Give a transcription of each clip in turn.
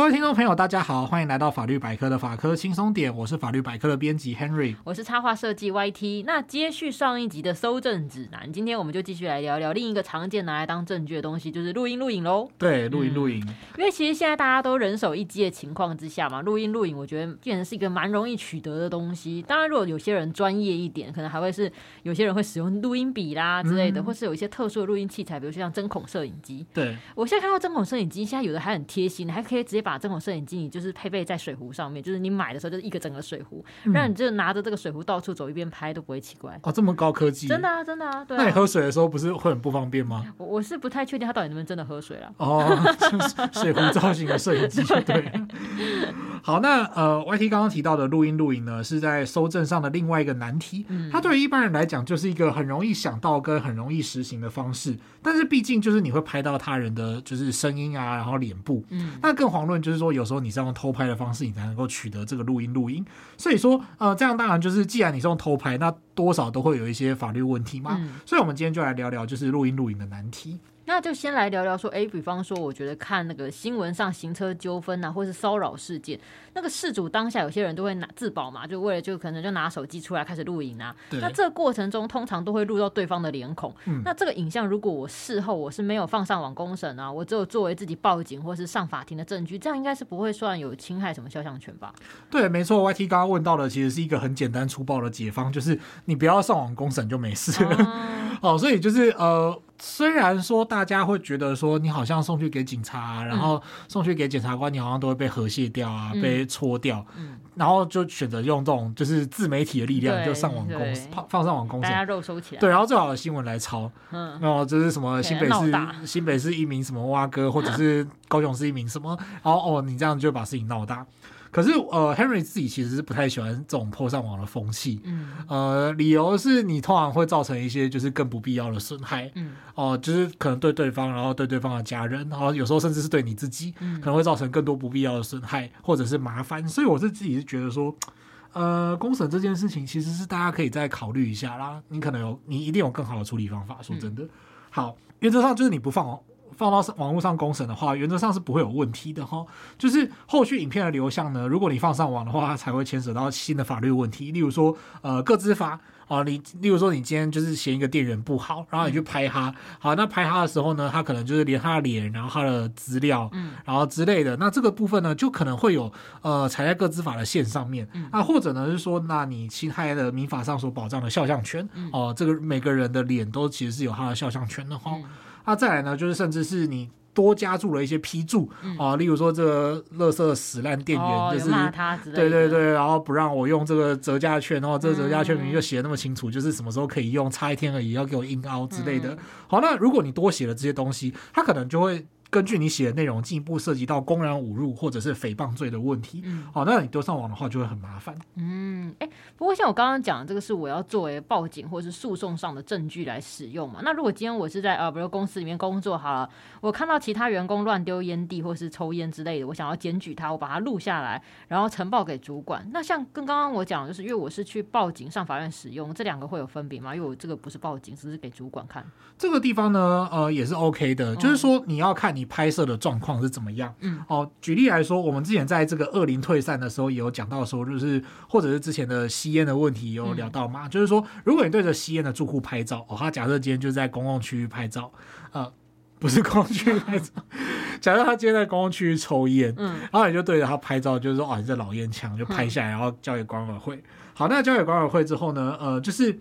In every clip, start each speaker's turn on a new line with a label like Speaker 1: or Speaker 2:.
Speaker 1: 各位聽眾朋友，大家好，歡迎來到法律百科的法科輕鬆點，我是法律百科的編輯 Henry，
Speaker 2: 我是插畫設計 YT。那接續上一集的蒐證指南，今天我們就繼續來聊聊另一個常見拿來當證據的東西，就是錄音錄影嘍。
Speaker 1: 對，錄音錄影，嗯，因
Speaker 2: 為其實現在大家都人手一機的情況之下嘛，錄音錄影我覺得既然是一個蠻容易取得的東西。當然，如果有些人專業一點，可能還會是有些人會使用錄音筆啦之類的，嗯、或是有一些特殊的錄音器材，比如說像針孔攝影機。對，我現在看到針孔攝影機，現在有的還很貼心，還可以直接把。把、啊、這種攝影機，你就是配備在水壺上面，就是你買的時候就是一個整個水壺，讓、嗯、你就拿着這個水壺到處走一，一邊拍都不會奇怪。
Speaker 1: 哦，這麼高科技，真的啊，
Speaker 2: 真的啊。對啊，那你喝水
Speaker 1: 的時候不是會很不方便嗎？
Speaker 2: 我我是不太確定他到底能不能真的喝水啊。哦，就是、水壺造型的攝影機， 對。對。
Speaker 1: 好，那呃，YT 剛剛提到的錄音錄影呢，是在蒐證上的另外一個難題。嗯，它對於一般人來講，就是一個很容易想到跟很容易實行的方式，但是畢竟就是你會拍到他人的就是聲音啊，然後臉部，嗯，那更黃。論就是說，有時候你是用偷拍的方式，你才能夠取得這個錄音錄音。所以說，呃，這樣當然就是，既然你是用偷拍，那多少都會有一些法律問題嘛。所以，我們今天就來聊聊，就是錄音錄影的難題。
Speaker 2: 那就先來聊聊說，哎、欸，比方說，我覺得看那個新聞上行車糾紛啊，或是騷擾事件，那個事主當下有些人都會拿自保嘛，就為了就可能就拿手機出來開始錄影啊。對。那這個過程中，通常都會錄到對方的臉孔。嗯。那這個影像，如果我事後我是沒有放上網公審啊，我只有作為自己報警或是上法庭的證據，這樣應該是不會算有侵害什麼肖像權吧？
Speaker 1: 對，沒錯。Y T 剛剛問到的，其實是一個很簡單粗暴的解方，就是你不要上網公審就沒事了。好。嗯。哦，所以就是呃。雖然說大家會覺得說，你好像送去給警察，啊，嗯、然後送去給檢察官，你好像都會被和解掉啊，嗯、被搓掉，嗯、然後就選擇用這種就是自媒體的力量，就上網公審，放上網公審，大家
Speaker 2: 肉搜起來，對，然後最
Speaker 1: 好的新聞來抄，嗯、然後就是什麼新北市、嗯、新北市一名什麼蛙哥，嗯、或者是高雄市一名什麼，嗯、然後哦，你這樣就把事情鬧大。可是，呃，Henry 自己其實是不太喜歡這種 PO 上網的風氣，嗯，呃，理由是你通常會造成一些就是更不必要的損害，嗯，哦、呃，就是可能對對方，然後對對方的家人，然後有時候甚至是對你自己，嗯、可能會造成更多不必要的損害或者是麻煩。所以我是自己是覺得說，呃，公審這件事情其實是大家可以再考慮一下啦。你可能有，你一定有更好的處理方法。說真的，嗯、好，原則上就是你不放哦。放到網絡上公審的話，原則上是不會有問題的哈。就是後續影片的流向呢，如果你放上網的話，它才會牽涉到新的法律問題。例如說，呃，個資法啊，你例如說你今天就是嫌一個店員不好，然後你去拍他，嗯、好，那拍他的時候呢，他可能就是連他的臉，然後他的資料，嗯、然後之類的，那這個部分呢，就可能會有呃踩在個資法的線上面，那、嗯啊、或者呢是說，那你其他的民法上所保障的肖像權哦、嗯呃，這個每個人的臉都其實是有他的肖像權的哈。嗯嗯那、啊、再來呢，就是甚至是你多加注了一些批註啊，嗯、例如說這個樂色死爛店員就是對對對，然後不讓我用這個折價券，然後這個折價券明明就寫的那麼清楚，就是什麼時候可以用，差一天而已，要給我硬凹之類的。好，那如果你多寫了這些東西，它可能就會。根據你寫的內容，進一步涉及到公然侮辱或者是誹謗罪的問題。嗯，好，那你丟上網的話就會很麻煩。嗯，哎、欸，
Speaker 2: 不過像我剛剛講的，這個是我要作為報警或是訴訟上的證據來使用嘛？那如果今天我是在呃，比如公司裡面工作好了，我看到其他員工亂丟菸蒂或是抽菸之類的，我想要檢舉他，我把它錄下來，然後呈報給主管。那像跟剛剛我講，就是因為我是去報警上法院使用，這兩個會有分別嗎？因為我這個不是報警，只是給主管看。
Speaker 1: 這個地方呢，呃，也是 OK 的，就是說你要看你、嗯。你拍攝的狀況是怎麼樣？嗯，哦，舉例來說，我們之前在這個惡靈退散的時候也有講到，說就是或者是之前的吸煙的問題有聊到嘛？嗯、就是說，如果你對着吸煙的住戶拍照，哦，他假設今天就在公共區域拍照，呃，不是公共區域拍照，嗯、假設他今天在公共區域抽煙，嗯，然後你就對着他拍照，就是說哦，你這老煙槍，就拍下來，然後交給管委會。嗯、好，那交給管委會之後呢，呃，就是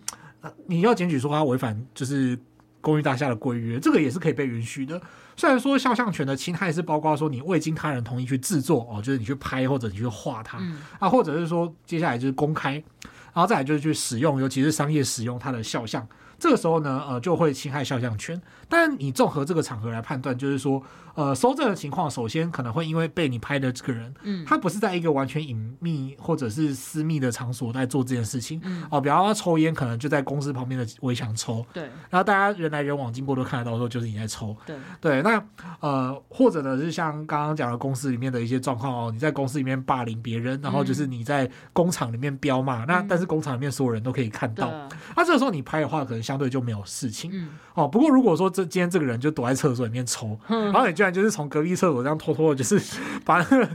Speaker 1: 你要檢舉說他違反就是公寓大廈的規約，這個也是可以被允許的。雖然說肖像權的侵害是包括說你未經他人同意去制作哦，就是你去拍或者你去畫它，嗯、啊，或者是說接下來就是公開，然後再來就是去使用，尤其是商業使用它的肖像，這個時候呢，呃，就會侵害肖像權。但你綜合這個場合來判斷，就是說，呃，蒐證的情況，首先可能會因為被你拍的這個人，嗯，他不是在一個完全隱秘或者是私密的場所在做這件事情，嗯，哦，比方說他抽煙，可能就在公司旁邊的圍牆抽，對，然後大家人來人往經過都看得到，說就是你在抽，對，對。那呃，或者呢，是像剛剛講的公司裡面的一些狀況哦，你在公司裡面霸凌別人，然後就是你在工廠裡面飆罵，嗯、那但是工廠裡面所有人都可以看到，那、啊啊、這個時候你拍的話，可能。相對就沒有事情、嗯、哦。不過如果說這今天這個人就躲在廁所裡面抽，嗯、然後你居然就是從隔壁廁所這樣偷偷的，就是把那個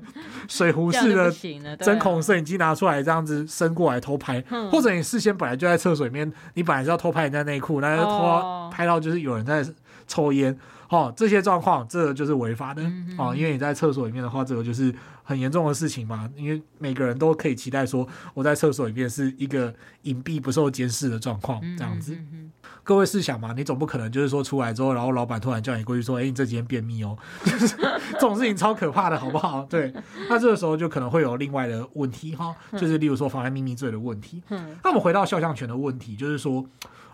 Speaker 1: 水壺式的針孔攝影機拿出來這樣子伸過來偷拍，嗯、或者你事先本來就在廁所裡面，你本來是要偷拍人家內褲，然後就偷拍到就是有人在抽煙。哦嗯哦，這些狀況，這個就是違法的、嗯、哼哦。因為你在廁所裡面的話，這個就是很嚴重的事情嘛。因為每個人都可以期待說，我在廁所裡面是一個隱蔽、不受監視的狀況這樣子。嗯、哼各位試想嘛，你總不可能就是說出來之後，然後老闆突然叫你過去說：“哎、嗯哼欸，你這幾天便秘哦、喔。”就是這種事情超可怕的， 好不好？對，那這個時候就可能會有另外的問題哈，嗯、哼就是例如說妨礙秘密罪的問題。嗯、哼那我們回到肖像權的問題，就是說，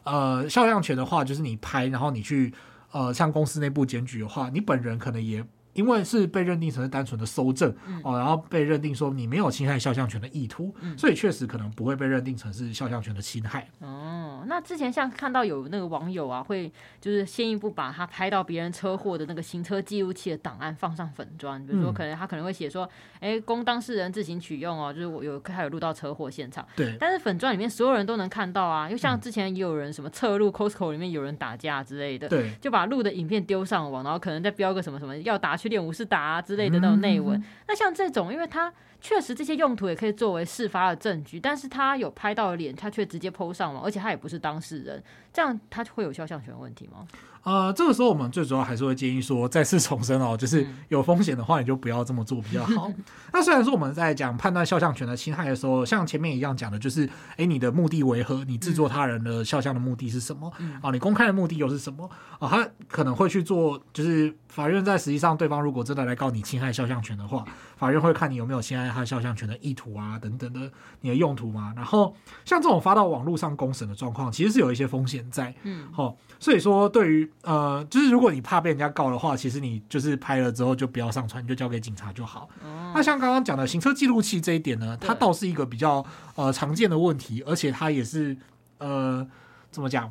Speaker 1: 呃，肖像權的話，就是你拍，然後你去。呃，像公司內部檢舉的話，你本人可能也。因為是被認定成是單純的蒐證、嗯、哦，然後被認定說你沒有侵害肖像權的意圖，嗯、所以確實可能不會被認定成是肖像權的侵害。
Speaker 2: 哦，那之前像看到有那個網友啊，會就是先一步把他拍到別人車禍的那個行車記錄器的檔案放上粉專，比如說可能他可能會寫說，哎、嗯欸，供當事人自行取用哦，就是我有他有錄到車禍現場。對。但是粉專裡面所有人都能看到啊，又像之前也有人什麼側錄 Costco 裡面有人打架之類的，嗯、對，就把錄的影片丟上網，然後可能再標個什麼什麼要打。缺點，無視達之類的那種內文，嗯、那像這種，因為他確實這些用途也可以作為事發的證據，但是他有拍到臉，他卻直接 PO 上網，而且他也不是當事人，這樣他會有肖像權問題嗎？
Speaker 1: 呃，這個時候我們最主要還是會建議說，再次重申哦，就是有風險的話，你就不要這麼做比較好。那 雖然說我們在講判斷肖像權的侵害的時候，像前面一樣講的，就是哎，你的目的為何？你制作他人的肖像的目的是什麼？啊、嗯哦，你公開的目的又是什麼？啊、哦，他可能會去做，就是法院在實際上，對方如果真的來告你侵害肖像權的話，法院會看你有沒有侵害他肖像權的意圖啊，等等的，你的用途嘛。然後像這種發到網絡上公審的狀況，其實是有一些風險在。嗯，好、哦，所以說對於呃，就是如果你怕被人家告的話，其實你就是拍了之後就不要上傳，你就交給警察就好。嗯、那像剛剛講的行車記錄器這一點呢，它倒是一個比較呃常見的問題，而且它也是呃怎麼講，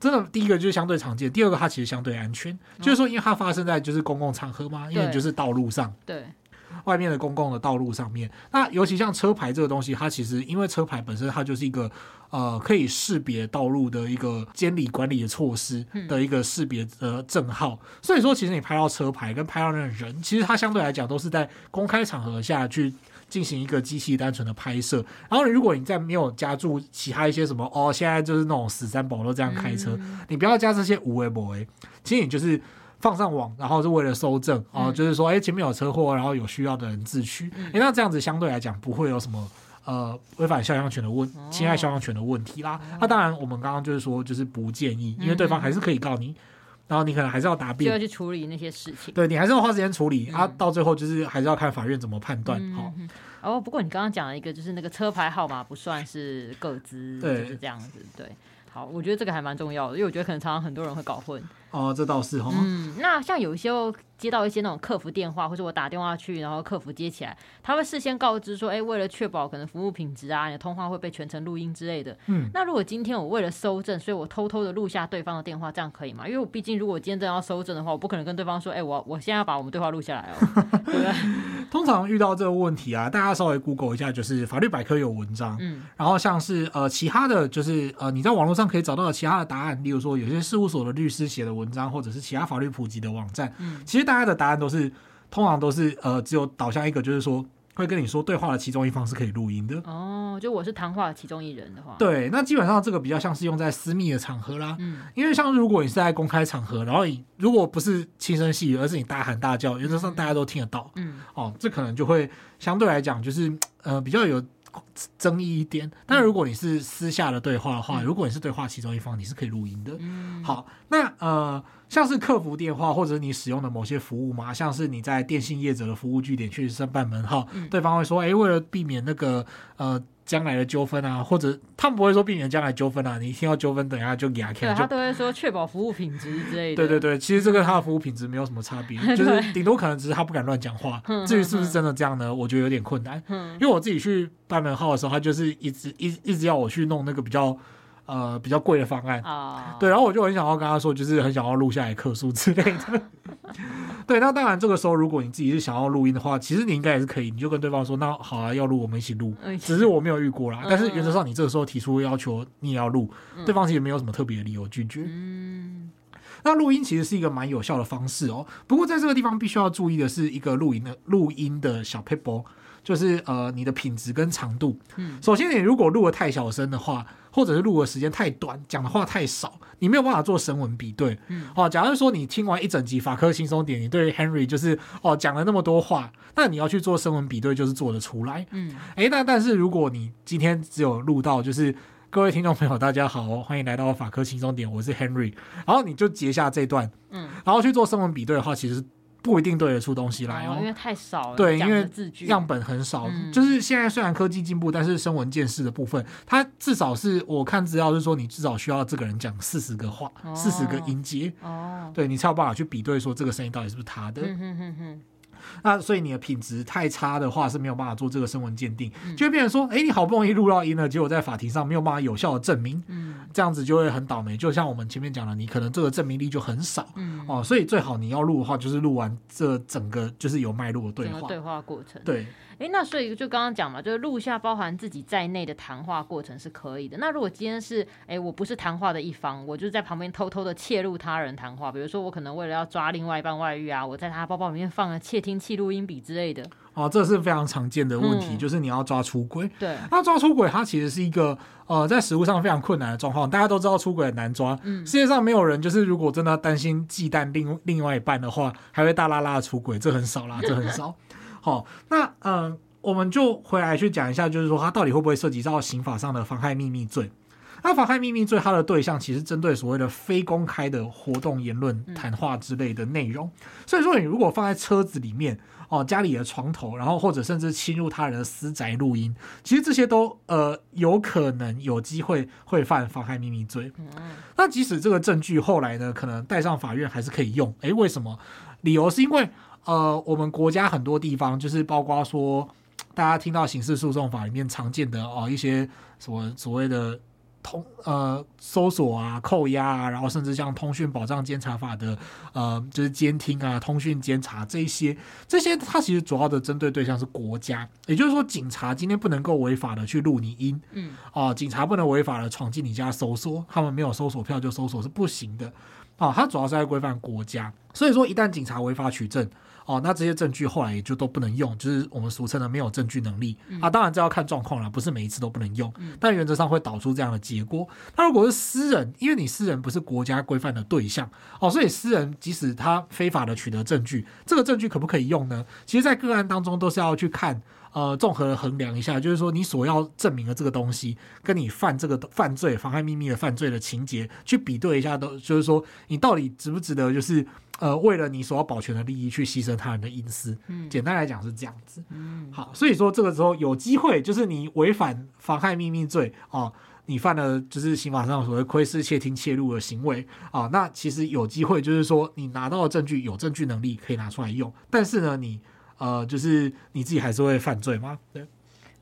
Speaker 1: 真的第一個就是相對常見，第二個它其實相對安全，嗯、就是說因為它發生在就是公共場合嘛，因為就是道路上對。對外面的公共的道路上面，那尤其像車牌這個東西，它其實因為車牌本身它就是一個呃可以識別道路的一個監理管理的措施的一個識別的、嗯呃、證號，所以說其實你拍到車牌跟拍到那個人，其實它相對來講都是在公開場合下去進行一個機器單純的拍攝，然後如果你在沒有加注其他一些什麼哦，現在就是那種死三寶都這樣開車，嗯、你不要加這些有的沒的，其實你就是。放上網，然後是為了蒐證啊，哦嗯、就是說，哎、欸，前面有車禍，然後有需要的人自取。嗯欸、那這樣子相對來講不會有什麼呃違反肖像權的問侵害肖像權的問題啦。那、哦啊、當然，我們剛剛就是說，就是不建議，因為對方還是可以告你，嗯、哼然後你可能還是要答辯，就要去
Speaker 2: 處理那些事情。對，你還是
Speaker 1: 要花時間處理，嗯、啊，到最後就是還是要看法院怎麼判斷。
Speaker 2: 嗯、哼哼哦，不過你剛剛講了一個，就是那個車牌號碼不算是個資，對就是這樣子，對。好，我覺得這個還蠻重要的，因為我覺得可能常常很多人會搞混。
Speaker 1: 哦，這倒是哈、哦。嗯，
Speaker 2: 那像有一些接到一些那種客服電話，或者我打電話去，然後客服接起來，他會事先告知說，哎、欸，為了確保可能服務品質啊，你的通話會被全程錄音之類的。嗯。那如果今天我為了蒐證，所以我偷偷的錄下對方的電話，這樣可以嗎？因為畢竟如果今天真的要蒐證的話，我不可能跟對方說，哎、欸，我我現在要把我們對話錄下來哦， 對
Speaker 1: 吧？通常遇到這個問題啊，大家稍微 Google 一下，就是法律百科有文章。嗯。然後像是呃其他的就是呃你在網絡。上可以找到其他的答案，例如說有些事務所的律師寫的文章，或者是其他法律普及的網站。嗯，其實大家的答案都是，通常都是呃，只有導向一個，就是說會跟你說，對話的其中一方是可以錄音的。
Speaker 2: 哦，就我是談話的其中一人的話，對，
Speaker 1: 那基本上這個比較像是用在私密的場合啦。嗯，因為像如果你是在公開場合，然後你如果不是輕聲細語，而是你大喊大叫，原則上大家都聽得到。嗯，哦，這可能就會相對來講，就是呃，比較有。爭議一點，但如果你是私下的對話的話，嗯、如果你是對話其中一方，你是可以錄音的。嗯、好，那呃，像是客服電話或者你使用的某些服務嘛，像是你在電信業者的服務據點去申辦門號，嗯、對方會說，哎、欸，為了避免那個呃。將來的糾紛啊，或者他們不會說避免將來糾紛啊，你一聽到糾紛，等一下就牙疼。對，他
Speaker 2: 都會說確保服務品質之類的。 對
Speaker 1: 對對，其實這個他的服務品質沒有什麼差別， 對 就是頂多可能只是他不敢亂講話。 對 至於是不是真的這樣呢？ 我覺得有點困難。 因為我自己去辦門號的時候，他就是一直一一直要我去弄那個比較。呃，比較貴的方案啊，oh. 對，然後我就很想要跟他說，就是很想要錄下來課書之類的。 對，那當然，這個時候如果你自己是想要錄音的話，其實你應該也是可以，你就跟對方說，那好啊，要錄我們一起錄。只是我沒有遇過啦， 但是原則上你這個時候提出要求，你也要錄，嗯、對方其實沒有什麼特別的理由拒絕。嗯那錄音其實是一個蠻有效的方式哦、喔。不過在這個地方必須要注意的是，一個錄音的錄音的小撇步就是呃你的品質跟長度。嗯，首先你如果錄的太小聲的話，或者是錄的時間太短，講的話太少，你沒有辦法做聲紋比對。嗯，好，假如說你聽完一整集《法科輕鬆點》，你對 Henry 就是哦講了那麼多話，那你要去做聲紋比對就是做得出來。嗯，欸，那但是如果你今天只有錄到就是。各位聽眾朋友，大家好，歡迎來到法科輕鬆點，我是 Henry。然後你就截下這段，嗯，然後去做聲紋比對的話，其實不一定對得出東西來哦、喔，哎，因為
Speaker 2: 太少了，對，因為樣
Speaker 1: 本很少。嗯、就是現在雖然科技進步，但是聲紋鑑識的部分，它至少是我看資料是說，你至少需要這個人講四十個話，四十、哦、個音節哦，對你才有辦法去比對說這個聲音到底是不是他的。嗯哼哼哼那所以你的品質太差的話，是沒有辦法做這個聲紋鑑定，嗯、就會變成說，哎、欸，你好不容易錄到音了，結果在法庭上沒有辦法有效的證明。嗯這樣子就會很倒霉，就像我們前面講的，你可能這個證明力就很少，嗯、哦，所以最好你要錄的話，就是錄完這整個就是有脈絡的對話，整個對話
Speaker 2: 過程。對，哎、欸，那所以就剛剛講嘛，就是錄下包含自己在內的談話過程是可以的。那如果今天是哎、欸，我不是談話的一方，我就在旁邊偷偷的竊錄他人談話，比如說我可能為了要抓另外一半外遇啊，我在他包包裡面放了竊聽器、錄音筆之類的。
Speaker 1: 哦，這是非常常見的問題，嗯、就是你要抓出軌。對，那抓出軌，它其實是一個呃，在實務上非常困難的狀況。大家都知道出軌很難抓，嗯、世界上沒有人就是如果真的擔心忌憚另另外一半的話，還會大拉拉的出軌，這很少啦，這很少。好、 哦，那嗯、呃，我們就回來去講一下，就是說它到底會不會涉及到刑法上的妨害秘密罪？那妨害秘密罪，它的對象其實是針對所謂的非公開的活動、言論、談話之類的內容。嗯、所以說，你如果放在車子裡面。哦，家裡的床頭，然後或者甚至侵入他人的私宅錄音，其實這些都呃有可能有機會會犯妨害秘密罪。嗯。那即使這個證據後來呢，可能帶上法院還是可以用。哎，為什麼？理由是因為呃，我們國家很多地方就是包括說，大家聽到刑事訴訟法裡面常見的哦，呃，一些什麼所謂的。通呃、嗯、搜索啊，扣押啊，然後甚至像通訊保障監察法的呃，就是監聽啊，通訊監察這些，這些它其實主要的針對對象是國家，也就是說，警察今天不能夠違法的去錄你音，嗯、啊，警察不能違法的闖進你家搜索，他們沒有搜索票就搜索是不行的，啊，它主要是在規範國家，所以說一旦警察違法取證。哦，那這些證據後來也就都不能用，就是我們俗稱的沒有證據能力啊。當然這要看狀況了，不是每一次都不能用，但原則上會導出這樣的結果。那如果是私人，因為你私人不是國家規範的對象哦，所以私人即使他非法的取得證據，這個證據可不可以用呢？其實，在個案當中都是要去看，呃，綜合衡量一下，就是說你所要證明的這個東西，跟你犯這個犯罪、妨害秘密的犯罪的情節去比對一下，都就是說你到底值不值得，就是。呃，為了你所要保全的利益去犧牲他人的隱私，嗯，簡單來講是這樣子，嗯，好，所以說這個時候有機會，就是你違反妨害秘密罪哦、呃，你犯了就是刑法上所謂窺視、竊聽、竊錄的行為啊、呃，那其實有機會就是說你拿到的證據有證據能力可以拿出來用，但是呢，你呃，就是你自己還是會犯罪嗎？
Speaker 2: 對。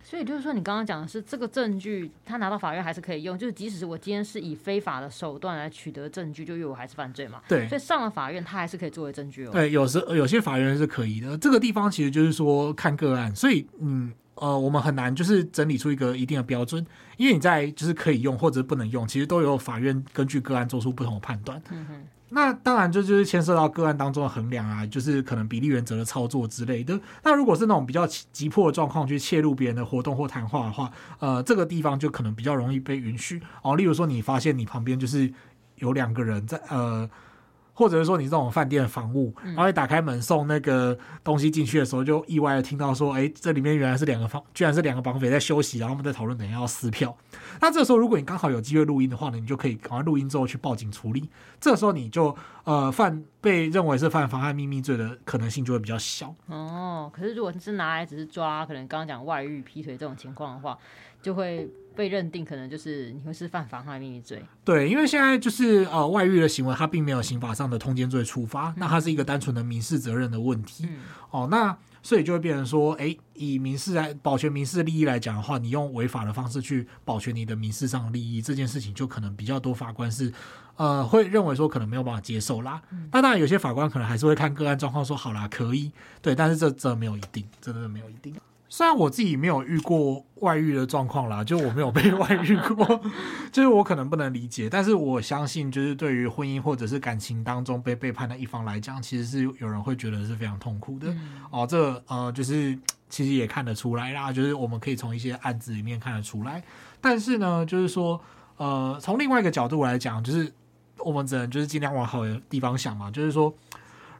Speaker 2: 所以就是說，你剛剛講的是這個證據，他拿到法院還是可以用。就是即使是我今天是以非法的手段來取得證據，就因為我還是犯罪嘛。對，所以上了法院，他還是可以作為證據哦。對，
Speaker 1: 有時有些法院是可以的。這個地方其實就是說看個案，所以嗯。呃，我們很難就是整理出一個一定的標準，因為你在就是可以用，或者不能用，其實都有法院根據個案做出不同的判斷。嗯哼，那當然這就是牽涉到個案當中的衡量啊，就是可能比例原則的操作之類的。那如果是那種比較急迫的狀況，去竊錄別人的活動或談話的話，呃，這個地方就可能比較容易被允許哦。例如說，你發現你旁邊就是有兩個人在呃。或者是說你這種飯店的房務，然後你打開門送那個東西進去的時候，就意外的聽到說，哎、嗯欸，這裡面原來是兩個房，居然是兩個綁匪在休息，然後他們在討論等下要撕票。那這時候如果你剛好有機會錄音的話呢，你就可以趕快錄音之後去報警處理。這時候你就呃犯被認為是犯妨害秘密罪的可能性就會比較小。
Speaker 2: 哦，可是如果是拿來只是抓可能剛剛講外遇、劈腿這種情況的話，就會。哦被認定可能就是你會是犯妨害秘密罪。
Speaker 1: 對，因為現在就是呃外遇的行為，它並沒有刑法上的通奸罪處罰，嗯、那它是一個單純的民事責任的問題。嗯、哦，那所以就會變成說，哎，以民事來保全民事利益來講的話，你用違法的方式去保全你的民事上的利益，這件事情就可能比較多法官是呃會認為說可能沒有辦法接受啦。那、嗯、當然有些法官可能還是會看個案狀況說好啦可以，對，但是這這沒有一定，真的沒有一定。雖然我自己沒有遇過外遇的狀況啦，就我沒有被外遇過， 就是我可能不能理解，但是我相信，就是對於婚姻或者是感情當中被背叛的一方來講，其實是有人會覺得是非常痛苦的。嗯。哦，這個，呃，就是其實也看得出來啦，就是我們可以從一些案子裡面看得出來。但是呢，就是說，呃，從另外一個角度來講，就是我們只能就是盡量往好的地方想嘛，就是說。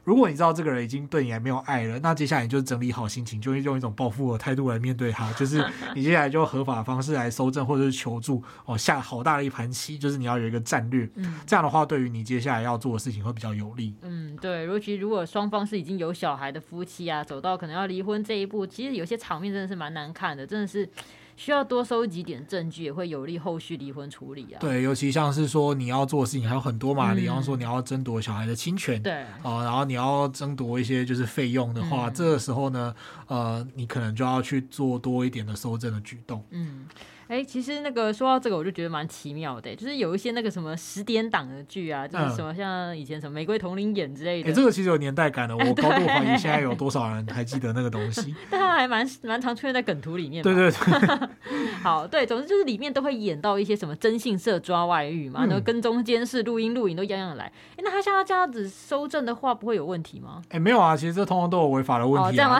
Speaker 1: 如果你知道這個人已經對你還沒有愛了，那接下來你就是整理好心情，就會用一種報復的態度來面對他。就是你接下來就合法的方式來蒐證，或者是求助，哦，下好大的一盤棋，就是你要有一個戰略。嗯，這樣的話對於你接下來要做的事情會比較有利。嗯，
Speaker 2: 對，尤其如果雙方是已經有小孩的夫妻啊，走到可能要離婚這一步，其實有些場面真的是蠻難看的，真的是。需要多收集點證據，也會有利後續離婚處理啊。對，
Speaker 1: 尤其像是說你要做的事情還有很多嘛，比方、嗯、說你要爭奪小孩的親權，對啊、呃，然後你要爭奪一些就是費用的話，嗯、這個時候呢，呃，你可能就要去做多一點的蒐證的舉動，
Speaker 2: 嗯。哎、欸，其實那個說到這個，我就覺得蠻奇妙的、欸，就是有一些那個什麼十點檔的劇啊，就是什麼像以前什麼《玫瑰瞳鈴眼》之類的。哎、嗯欸，這個
Speaker 1: 其實有年代感的，我高度懷疑現在有多少人還記得那個東西。
Speaker 2: 欸、但他還蠻蠻常出現在梗圖裡面。對對對。 好，對，總之就是裡面都會演到一些什麼徵信社抓外遇嘛，然後、嗯、跟蹤監視、錄音錄影都樣樣來。哎、欸，那他像他這樣子蒐證的話，不會有問題嗎？哎、
Speaker 1: 欸，沒有啊，其實這通常都有違法的問題啊。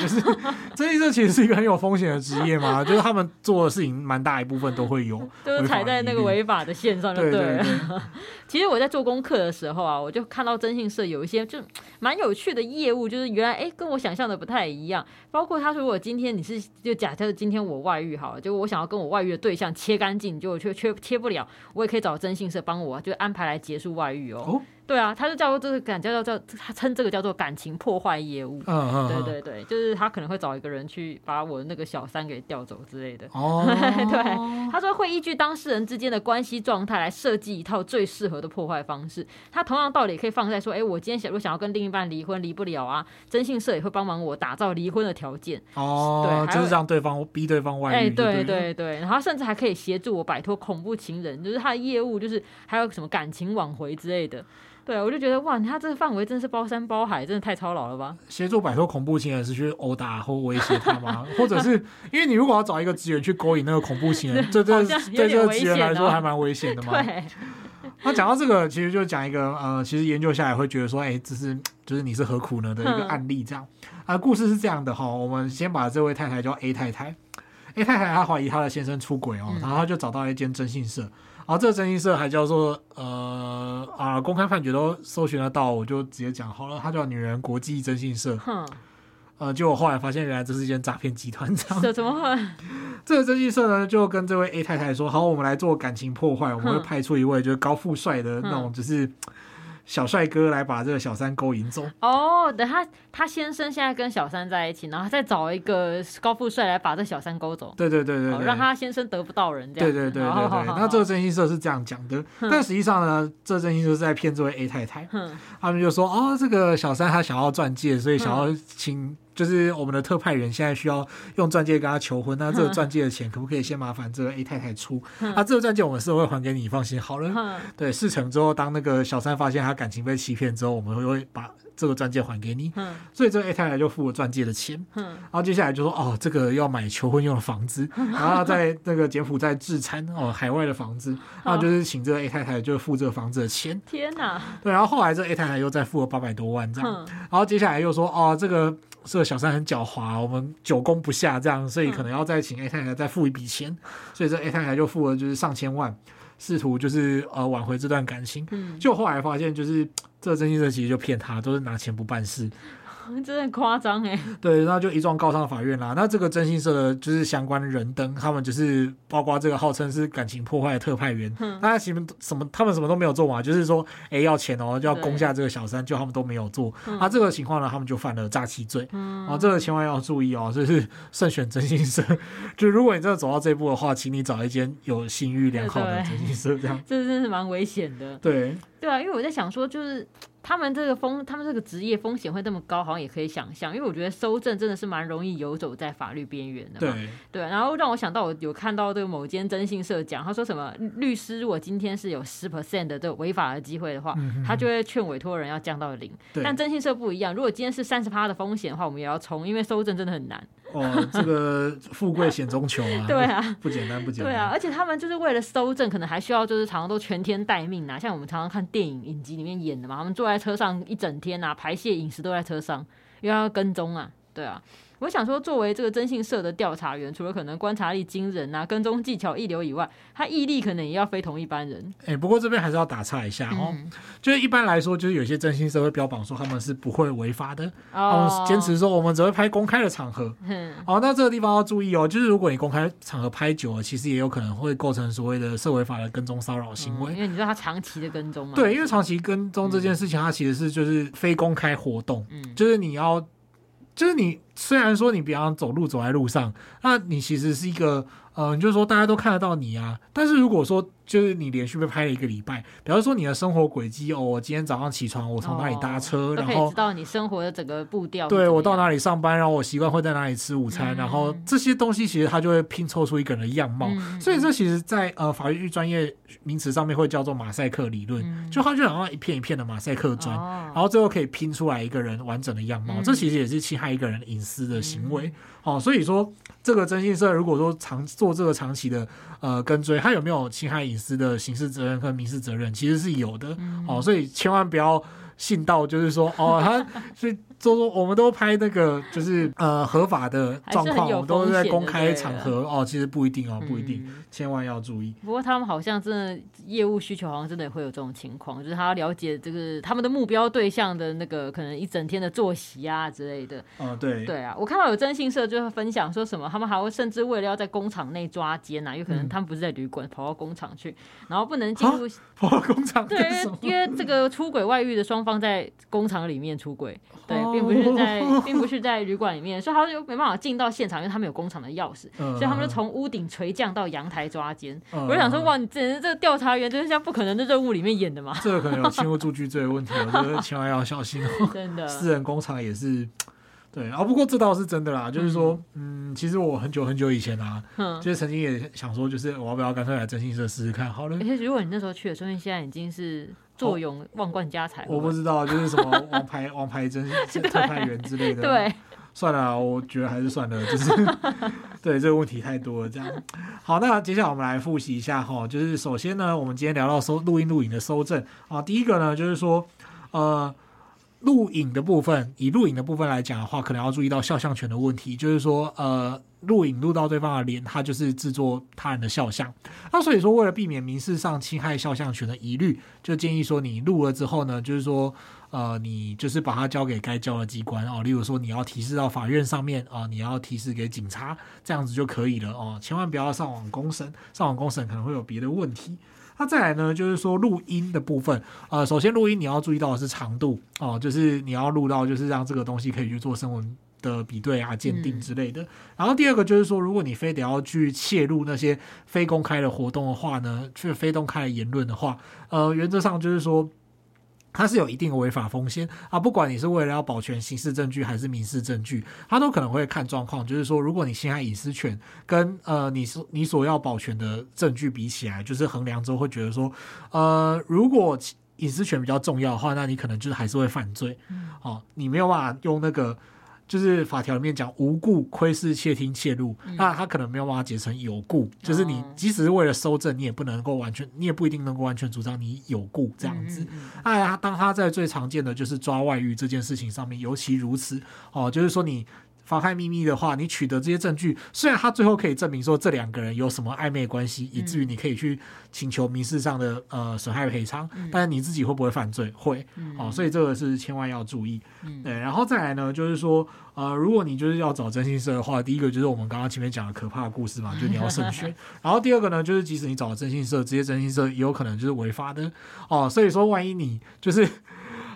Speaker 1: 徵信社其實是一個很有風險的職業嘛， 就是他們做的事情蠻大一部。部分都會有，
Speaker 2: 就是踩在那個違法的線上就對了。對， 其實我在做功課的時候啊，我就看到徵信社有一些就蠻有趣的業務，就是原來哎、欸、跟我想象的不太一樣。包括他說，如果今天你是就假設今天我外遇好了，就我想要跟我外遇的對象切乾淨，就卻卻切不了，我也可以找徵信社幫我，就安排來結束外遇哦。哦對啊，他就叫做這個感，叫叫他稱這個叫做感情破壞業務。嗯嗯，對對對，就是他可能會找一個人去把我那個小三給調走之類的。哦， 對，他說會依據當事人之間的關係狀態來設計一套最適合的破壞方式。他同樣道理也可以放在說，哎、欸，我今天假如想要跟另一半離婚，離不了啊，徵信社也會幫忙我打造離婚的條件。哦，對，
Speaker 1: 就是讓對方逼對方外遇。哎、欸，對，對對
Speaker 2: 對，然後甚至還可以協助我擺脫恐怖情人，就是他的業務就是還有什麼感情挽回之類的。對，我就覺得哇，他這個範圍真是包山包海，真的太操勞了吧！
Speaker 1: 協助擺脫恐怖情人是去毆打或威脅他嗎？ 或者是因為你如果要找一個職員去勾引那個恐怖情人， 是這這個、對這個職員來說還蠻危險的嘛。 對。 那講到這個，其實就講一個呃，其實研究下來會覺得說，哎、欸，這是就是你是何苦呢的一個案例這樣。嗯、啊，故事是這樣的哈，我們先把這位太太叫 A 太太，A 太太她懷疑她的先生出軌哦、喔，嗯、然後她就找到一間徵信社。然後這個徵信社還叫做呃啊，公開判決都搜尋得到，我就直接講好了。他叫女人國際徵信社，嗯哼，呃，結果後來發現，原來這是一間詐騙集團這樣。是怎麼會？這個徵信社呢，就跟這位 A 太太說，好，我們來做感情破壞，我們會派出一位，就是高富帥的那種，就是。小帥哥來把這個小三勾引走
Speaker 2: 哦，等、oh, 他他先生現在跟小三在一起，然後再找一個高富帥來把這小三勾走，
Speaker 1: 對對對對,對、哦，讓他
Speaker 2: 先生得不到人這樣子，對對對對對。好好好好那
Speaker 1: 這個徵信社是這樣講的，嗯、但實際上呢，這個、徵信社是在騙這位 A 太太，嗯、他們就說哦，這個小三他想要鑽戒，所以想要請。嗯就是我們的特派員現在需要用鑽戒跟他求婚，那這個鑽戒的錢可不可以先麻煩這個 A 太太出？嗯、啊，這個鑽戒我們是會還給你，放心好了。嗯、對，事成之後，當那個小三發現他感情被欺騙之後，我們會會把。這個鑽戒還給你，所以這個 A 太太太就付了鑽戒的錢，嗯，然後接下來就說哦，這個要買求婚用的房子，然後在那個柬埔寨置產哦，海外的房子，然後就是請這個 A 太太就付這個房子的錢。
Speaker 2: 天哪，
Speaker 1: 對，然後後來這 A 太太又再付了八百多萬這樣，然後接下來又說哦，這個這個小三很狡猾，我們久攻不下這樣，所以可能要再請 A 太太再付一筆錢，所以這 A 太太就付了就是上千萬，試圖就是呃挽回這段感情，就後來發現就是。這徵信社其實就騙他，都是拿錢不辦事。
Speaker 2: 真的誇張哎！
Speaker 1: 對，那就一狀告上法院啦。那這個徵信社的就是相關人等，他們就是包括這個號稱是感情破壞的特派員，大家哼其實什麼他們什麼都沒有做嘛，就是說哎、欸、要錢哦、喔、就要攻下這個小三，對就他們都沒有做。嗯、啊，這個情況呢，他們就犯了詐欺罪。嗯、啊，這個千萬要注意哦、喔、就是慎選徵信社。 就如果你真的走到這一步的話，請你找一間有信譽良好的徵信社這樣。對
Speaker 2: 對對，這真的是蠻危險的。對對啊，因為我在想說就是。他們這個風，他們這個職業風險會那麼高，好像也可以想象因為我覺得蒐證真的是蠻容易遊走在法律邊緣的嘛。對，對，然後讓我想到，我有看到這個某間徵信社講，他說什麼律師，如果今天是有十 percent 的這個違法的機會的話，他就會勸委托人要降到零。嗯哼。但徵信社不一樣，如果今天是三十趴的風險的話，我們也要衝，因為蒐證真的很難。
Speaker 1: 哦，這個富貴險中求啊！ 對啊，不簡單不簡單。對啊，而
Speaker 2: 且他們就是為了搜證，可能還需要就是常常都全天待命啊。像我們常常看電影影集裡面演的嘛，他們坐在車上一整天啊，排泄飲食都在車上，又要跟蹤啊。對啊，我想說，作為這個徵信社的調查員，除了可能觀察力驚人吶、啊、跟蹤技巧一流以外，他毅力可能也要非同一般人。
Speaker 1: 哎、欸，不過這邊還是要打岔一下哦，嗯、哼就是一般來說，就是有些徵信社會標榜說他們是不會違法的，哦、他們堅持說我們只會拍公開的場合。好、嗯哦，那這個地方要注意哦，就是如果你公開場合拍久了，其實也有可能會構成所謂的社維法的跟蹤騷擾行為、嗯，
Speaker 2: 因為你知道他長期的跟蹤嗎？對，因
Speaker 1: 為長期跟蹤這件事情，它其實是就是非公開活動，嗯，就是你要。就是你，雖然說你比方走路走在路上，那你其實是一個，呃，你就是說大家都看得到你啊。但是如果說，就是你連續被拍了一個禮拜，比方說你的生活軌跡哦，我今天早上起床，我從哪裡搭車，然後
Speaker 2: 到你生活的整個步調。對，我到
Speaker 1: 哪裡上班，然後我習慣會在哪裡吃午餐，嗯、然後這些東西其實它就會拼湊出一個人的樣貌。嗯、所以這其實在，在呃法律專業名詞上面會叫做馬賽克理論，嗯、就它就好像一片一片的馬賽克磚，哦、然後最後可以拼出來一個人完整的樣貌。嗯、這其實也是侵害一個人隱私的行為。嗯、哦，所以說這個徵信社如果說長做這個長期的呃跟追，它有沒有侵害隱司的刑事責任和民事責任其實是有的，嗯、哦，所以千萬不要信到就是說，哦，他所以。 就我們都拍那個，就是呃合法的狀況，是我們都是在公開場合了哦。其實不一定哦，不一定，嗯、千萬要注意。
Speaker 2: 不過他們好像真的業務需求，好像真的也會有這種情況，就是他要了解這個他們的目標對象的那個可能一整天的作息啊之類的。哦、
Speaker 1: 呃，對，對啊，
Speaker 2: 我看到有徵信社就會分享說什麼，他們還會甚至為了要在工廠內抓奸吶、啊，有可能他們不是在旅館，嗯、跑到工廠去，然後不能進入、啊。跑到工廠。對，因為因為這個出軌外遇的雙方在工廠裡面出軌，對。哦並不是在，並不是在旅館裡面，所以他們就沒辦法進到現場，因為他們有工廠的鑰匙，呃、所以他們就從屋頂垂降到陽台抓姦。呃、我就想說，哇，你簡直這個調查員就是像不可能的任務裡面演的嗎？這個可能有侵入
Speaker 1: 住居罪的問題，我覺得千萬要小心哦、喔。 真的，私人工廠也是。對、啊、不過這倒是真的啦，就是說，嗯，其實我很久很久以前啦、啊，就是曾經也想說，就是我要不要乾脆來徵信社試試看？好了，
Speaker 2: 如果你那時候去了，說不定現在已經是坐擁萬貫家財。我不
Speaker 1: 知道，就是什麼王牌王牌徵信特派員之類的。對，算了，我覺得還是算了，就是對這個問題太多了。這樣好，那接下來我們來複習一下哈，就是首先呢，我們今天聊到收錄音、錄影的蒐證啊，第一個呢，就是說，呃。錄影的部分，以錄影的部分來講的話，可能要注意到肖像權的問題，就是說，呃，錄影錄到對方的臉，他就是制作他人的肖像。那所以說，為了避免民事上侵害肖像權的疑慮，就建議說，你錄了之後呢，就是說，呃，你就是把它交給該交的機關哦，例如說，你要提示到法院上面啊，哦，你要提示給警察，這樣子就可以了哦，千萬不要上網公審，上網公審可能會有別的問題。那再來呢，就是說錄音的部分，呃，首先錄音你要注意到的是長度哦、呃，就是你要錄到，就是讓這個東西可以去做聲紋的比對啊、鑑定之類的。嗯、然後第二個就是說，如果你非得要去切入那些非公開的活動的話呢，去非公開的言論的話，呃，原則上就是說。它是有一定的違法風險啊，不管你是為了要保全刑事證據還是民事證據，它都可能會看狀況，就是說，如果你侵害隱私權跟呃，你是你所要保全的證據比起來，就是衡量之後會覺得說，呃，如果隱私權比較重要的話，那你可能就是還是會犯罪，嗯，哦，你沒有辦法用那個。就是法條裡面講無故窺視、竊聽、嗯、竊錄，那他可能沒有辦法解成有故，就是你即使是為了蒐證，你也不能夠完全，你也不一定能夠完全主張你有故這樣子。那、嗯嗯嗯、當他在最常見的就是抓外遇這件事情上面尤其如此哦，就是說你。妨害秘密的話，你取得這些證據，雖然他最後可以證明說，這兩個人有什麼曖昧關係，嗯、以至於你可以去請求民事上的呃損害賠償，嗯、但是你自己會不會犯罪？會、嗯、哦，所以這個是千萬要注意。嗯、對，然後再來呢，就是說呃，如果你就是要找徵信社的話，第一個就是我們剛剛前面講的可怕的故事嘛，就你要慎選。 然後第二個呢，就是即使你找了徵信社，這些徵信社也有可能就是違法的哦，所以說萬一你就是。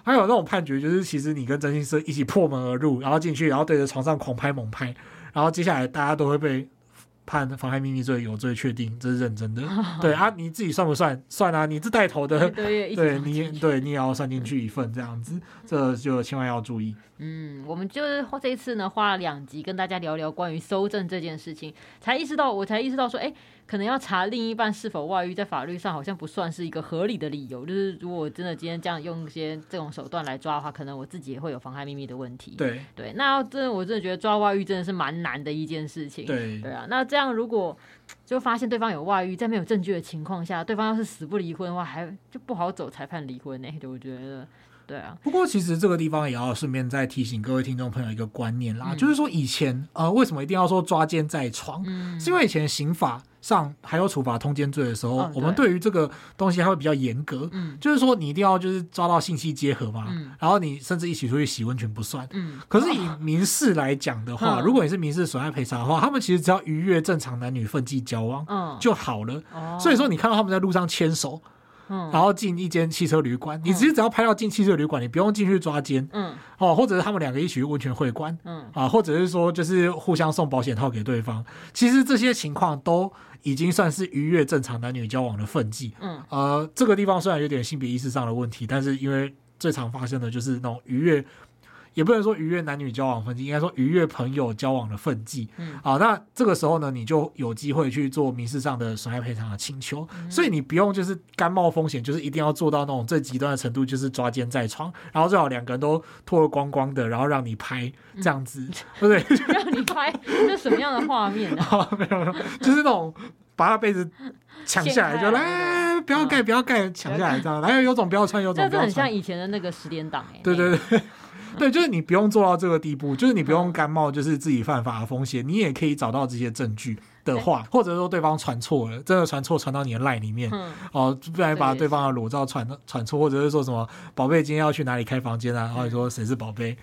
Speaker 1: 還有那種判決，就是其實你跟徵信社一起破門而入，然後進去，然後對着床上狂拍猛拍，然後接下來大家都會被，犯妨害秘密罪，有罪確定，這是認真的。呵呵，對啊，你自己算不算？算啊，你這帶頭的對對對 對。對，你對你也要算進去一份，這樣子，嗯、這就千萬要注意。嗯，
Speaker 2: 我們就是這一次呢，花了兩集跟大家聊聊關於搜證這件事情，才意識到，我才意識到說，哎、欸，可能要查另一半是否外遇，在法律上好像不算是一個合理的理由。就是如果我真的今天這樣用一些這種手段來抓的話，可能我自己也會有妨害秘密的問題。對對，那真的我真的覺得抓外遇真的是蠻難的一件事情。對對啊，那這樣。像如果就發現對方有外遇，在沒有證據的情況下，對方要是死不離婚的話，還就不好走裁判離婚呢、欸。我覺得，對啊。
Speaker 1: 不過其實這個地方也要順便再提醒各位聽眾朋友一個觀念啦，嗯、就是說以前呃為什麼一定要說抓姦在床，嗯、是因為以前刑法。上還有處罰通姦罪的時候，嗯、我們對於這個東西還會比較嚴格，嗯，就是說你一定要就是抓到信息結合嘛，嗯，然後你甚至一起出去洗溫泉不算，嗯，可是以民事來講的話，嗯、如果你是民事損害賠償的話，嗯、他們其實只要逾越正常男女分際交往就好了，哦、嗯，所以說你看到他們在路上牽手。然後進一間汽車旅館，嗯、你其實只要拍到進汽車旅館，你不用進去抓奸，嗯，哦，或者是他們兩個一起去溫泉會館，嗯，啊、呃，或者是說就是互相送保險套給對方，其實這些情況都已經算是逾越正常男女交往的分際，嗯，呃，這個地方雖然有點性別意識上的問題，但是因為最常發生的就是那種逾越。也不能說逾越男女交往分際，應該說逾越朋友交往的分際。好、嗯啊，那這個時候呢，你就有機會去做民事上的損害賠償的請求。嗯嗯，所以你不用就是甘冒風險，就是一定要做到那種最極端的程度，就是抓奸在床，然後最好兩個人都脫得光光的，然後讓你拍這樣子，不對，讓你拍，
Speaker 2: 那什麼樣的畫面？啊，啊沒有，沒
Speaker 1: 有，就是那種把他被子搶下來，啊、就來，那個、不要蓋，不要蓋，搶、嗯、下來這樣，來有種不要穿，有種不要穿，那這很
Speaker 2: 像以前的那個十點檔、欸，
Speaker 1: 對對對。欸對，就是你不用做到這個地步，就是你不用甘冒就是自己犯法的風險，嗯、你也可以找到這些證據的話，欸、或者說對方傳錯了，真的傳錯傳到你的 LINE 裡面，哦、嗯，呃、不然把對方的裸照傳傳錯，或者是說什麼、嗯、寶貝今天要去哪裡開房間啊，或者、嗯、說誰是寶貝，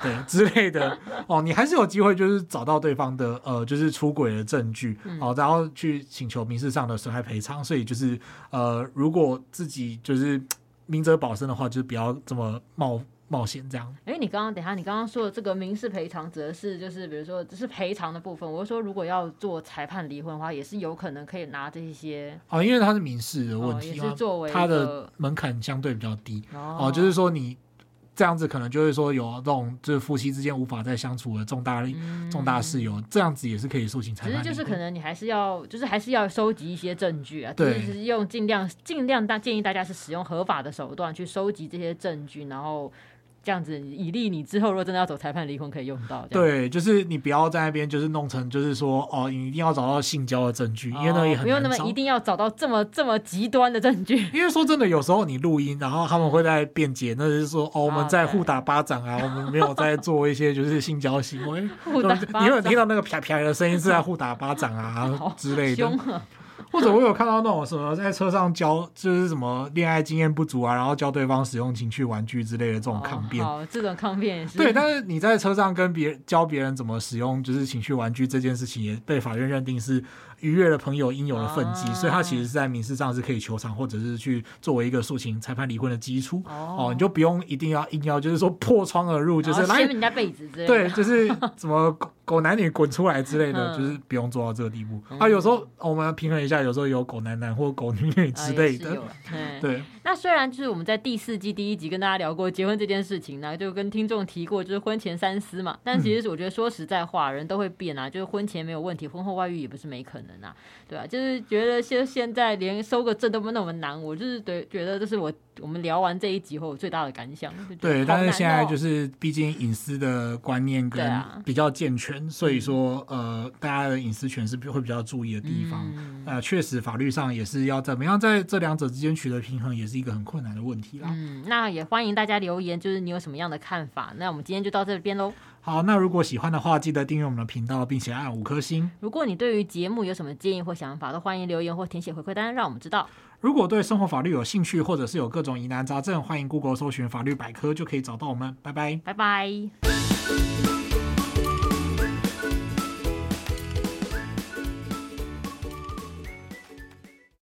Speaker 1: 對之類的，哦、呃，你還是有機會就是找到對方的呃就是出軌的證據，好、呃，然後去請求民事上的損害賠償。所以就是呃，如果自己就是明哲保身的話，就是不要這麼冒冒險這樣。
Speaker 2: 哎，你剛剛等一下，你剛剛說的這個民事賠償指的是就是，比如說只是賠償的部分。我就說如果要做裁判離婚的話，也是有可能可以拿這些。
Speaker 1: 哦，因為它是民事的問題，它、哦、的門檻相對比較低。哦，哦，就是說你這樣子可能就是說有這種就是夫妻之間無法再相處的重大、嗯、重大事由，這樣子也是可以訴請裁判。其實就是可
Speaker 2: 能你還是要就是還是要收集一些證據啊，就是用盡量盡量大建議大家是使用合法的手段去收集這些證據，然後。這樣子以利你之後，如果真的要走裁判離婚，可以用到的。對，
Speaker 1: 就是你不要在那邊就是弄成就是說哦，你一定要找到性交的證據，哦，因為那也很，沒有那麼一
Speaker 2: 定要找到這麼這麼極端的證據。
Speaker 1: 因為說真的，有時候你錄音，然後他們會在辯解，那就是說哦，我們在互打巴掌啊，啊我們沒有在做一些就是性交行為。 互打巴掌，你有沒有聽到那個啪啪的聲音是在互打巴掌啊之類的？ 或者我有看到那種什麼在車上教，就是什麼戀愛經驗不足啊，然後教對方使用情趣玩具之類的這種抗辯。哦，這
Speaker 2: 種抗辯也是。對，
Speaker 1: 但是你在車上跟別人教別人怎麼使用，就是情趣玩具這件事情，也被法院認定是。愉悅的朋友應有的分際，oh. 所以他其實是在民事上是可以求償，或者是去作為一個訴請裁判離婚的基礎。Oh. 哦，你就不用一定要硬要就是說破窗而入，oh. 就是來掀人
Speaker 2: 家被子之類的。對，就是
Speaker 1: 什麼狗狗男女滾出來之類的， 就是不用做到這個地步。啊，有時候我們要平衡一下，有時候有狗男男或狗女女之類的，oh, 對。
Speaker 2: 那雖然就是我們在第四季第一集跟大家聊過結婚這件事情呢、啊，就跟聽眾提過就是婚前三思嘛。但其實我覺得說實在話，人都會變啊，就是婚前沒有問題，婚後外遇也不是沒可能啊，對啊，就是覺得現現在連收個證都不那麼難，我就是對覺得這是我我們聊完這一集後最大的感想。對，但是現在就
Speaker 1: 是畢竟隱私的觀念跟比較健全，啊、所以說、嗯、呃，大家的隱私權是會比較注意的地方。嗯、呃，確實法律上也是要怎麼樣在這兩者之間取得平衡也是是一個很困難的問題啦。嗯，
Speaker 2: 那也歡迎大家留言，就是你有什麼樣的看法。那我們今天就到這邊嘍。
Speaker 1: 好，那如果喜歡的話，記得訂閱我們的頻道，並且按五顆星。
Speaker 2: 如果你對於節目有什麼建議或想法，都歡迎留言或填寫回饋單，讓我們知道。
Speaker 1: 如果對生活法律有興趣，或者是有各種疑難雜症，歡迎 Google 搜尋法律百科，就可以找到我們。拜拜，
Speaker 2: 拜拜。